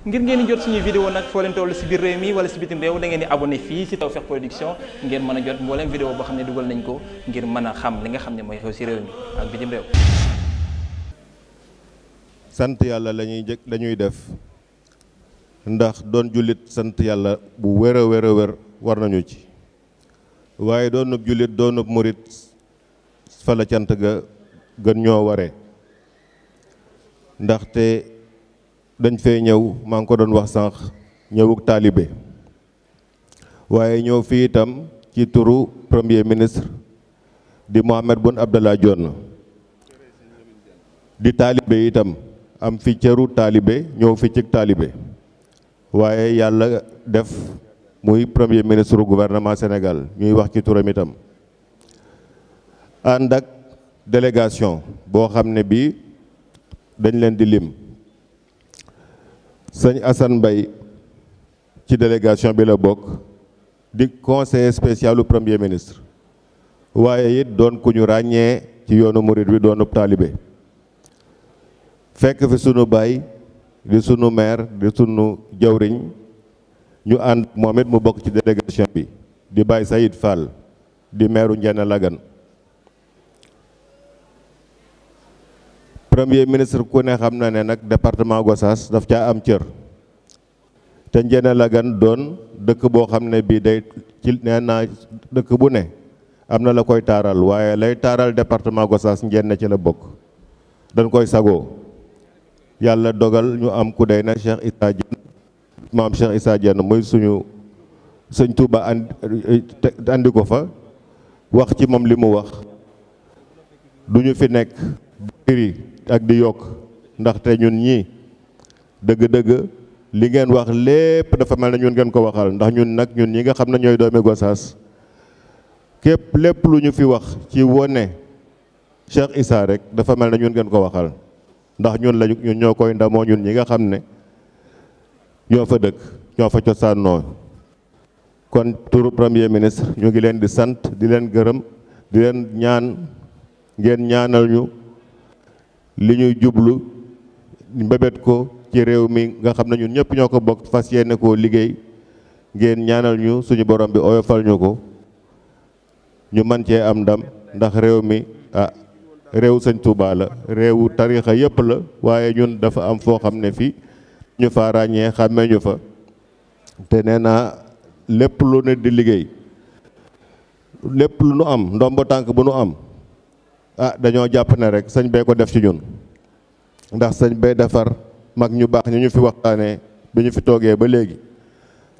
ngir ngeen di jot suñuy vidéo nag foo leen toll si biir réew mi wala si bitim réew da ngeen di abonné fii si Tawfekh Production ngeen mën a jot mbooleem vidéo boo xam ne dugal nañ ko ngir mën a xam li nga xam ne mooy xew si réew mi ak bitim réew sant yàlla lañuy def ndax doon jullit sant yàlla bu wër a wér a wér war nañu ci waaye doonub jullit doonub murit fa cant ga gën ñoo ware ndaxte dañ fee ñëw maa ngi ko doon wax sànq ñëwuk taalibe waaye ñëw fii itam ci turu premier ministre di Mohamed Boun Abdallah Dionne di taalibe itam am fi cëru taalibe ñëw fi ci taalibe waaye yàlla def muy premier ministre gouvernement senegal ñuy wax ci turam itam ànd ak délégation boo xam ne bii dañ leen di lim sëñ Assane bay ci délégation bi la bokk di conseiller spécialu premier ministre waaye it doon ku ñu ràññee ci yoonu murit bi doonub taalibe fekk fi sunu baay di sunu maire di sunu jawriñ ñu ànd moom it mu bokk ci délégation bi di Baye Sayid Fall di maireu Ndiéna lagan premier ministre ku ne xam na ne nag département Gossas daf caa am cër te la gan doon dëkk boo xam ne bii day ci nee dëkk bu ne am na la koy taaral waaye lay taaral département Gossas Ndiéné ci la bokk dañ koy sagoo yàlla dogal ñu am ku dey na Cheikh Issa Diène muy suñu sëñ Touba andi ko fa wax ci moom li mu wax du ñu fi nekk biri ak di yokk ndaxte ñun ñii dëgg-dëgg li ngeen wax lépp dafa mel ne ñun ngeen ko waxal ndax ñun nag ñun ñi nga xam ne ñooy doomi Gosaas képp lépp lu ñu fi wax ci wone Cheikh Issa rek dafa mel ne ñun ngeen ko waxal ndax ñun lañu ñun ñoo koy ndamoo ñun ñi nga xam ne ñoo fa dëkk ñoo fa cosaanoo kon turu premier ministre ñu ngi leen di sant di leen gërëm di leen ñaan ngeen ñaanal ñu li ñuy jublu mbebet ko ci réew mi nga xam ne ñun ñëpp ñoo ko bokk fas yéene koo liggéey ngeen ñaanal ñu suñu borom bi oyofal ñu ko ñu man cee am ndam ndax réew mi ah réewu sëñ Touba la réewu tarixa yëpp la waaye ñun dafa am foo xam ne fii ñu fa ràññee xàmmeeñu fa te nee naa lépp lu ne di liggéey lépp lu nu am ndombo tànk bu nu am a ah, dañoo jàpp ne rek sëñ bee ko def ci ñun ndax sëñ bee defar mag ñu baax ñu ñu fi waxtaanee bi ñu fi toogee ba léegi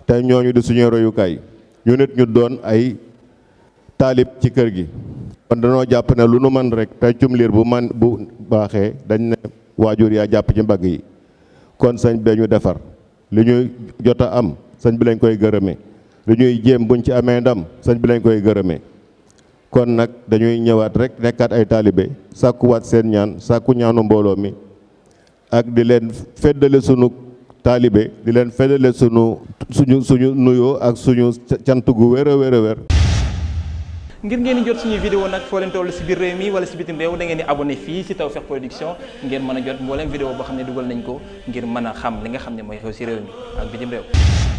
te ñooñu di suñu royukaay ñu nit ñu doon ay taalib ci kër gi. kon dañoo jàpp ne lu ñu man rek peccum liir bu man bu baaxee dañ ne waajur yaa jàpp ci mbagg yi kon sëñ bee ñu defar li ñuy jot a am sëñ bi lañ koy gërëmee li ñuy jéem buñ ci amee ndam sëñ bi lañ koy gërëmee. kon nag dañuy ñëwaat rek nekkaat ay taalibe sàkkuwaat seen ñaan sàkku ñaanu mbooloo mi ak di leen feddale sunu taalibe di leen feddale sunu suñu suñu nuyoo ak suñu cant gu wér a wér a wér ngir ngeen di jot suñuy vidéo nag foo leen toll si biir réew mi wala si bitim réew da ngeen di abonné fii si Tawfekh Production ngeen mën a jot mbooleem vidéo boo xam ne dugal nañ ko ngir mën a xam li nga xam ne mooy xew si réew mi ak bitim réew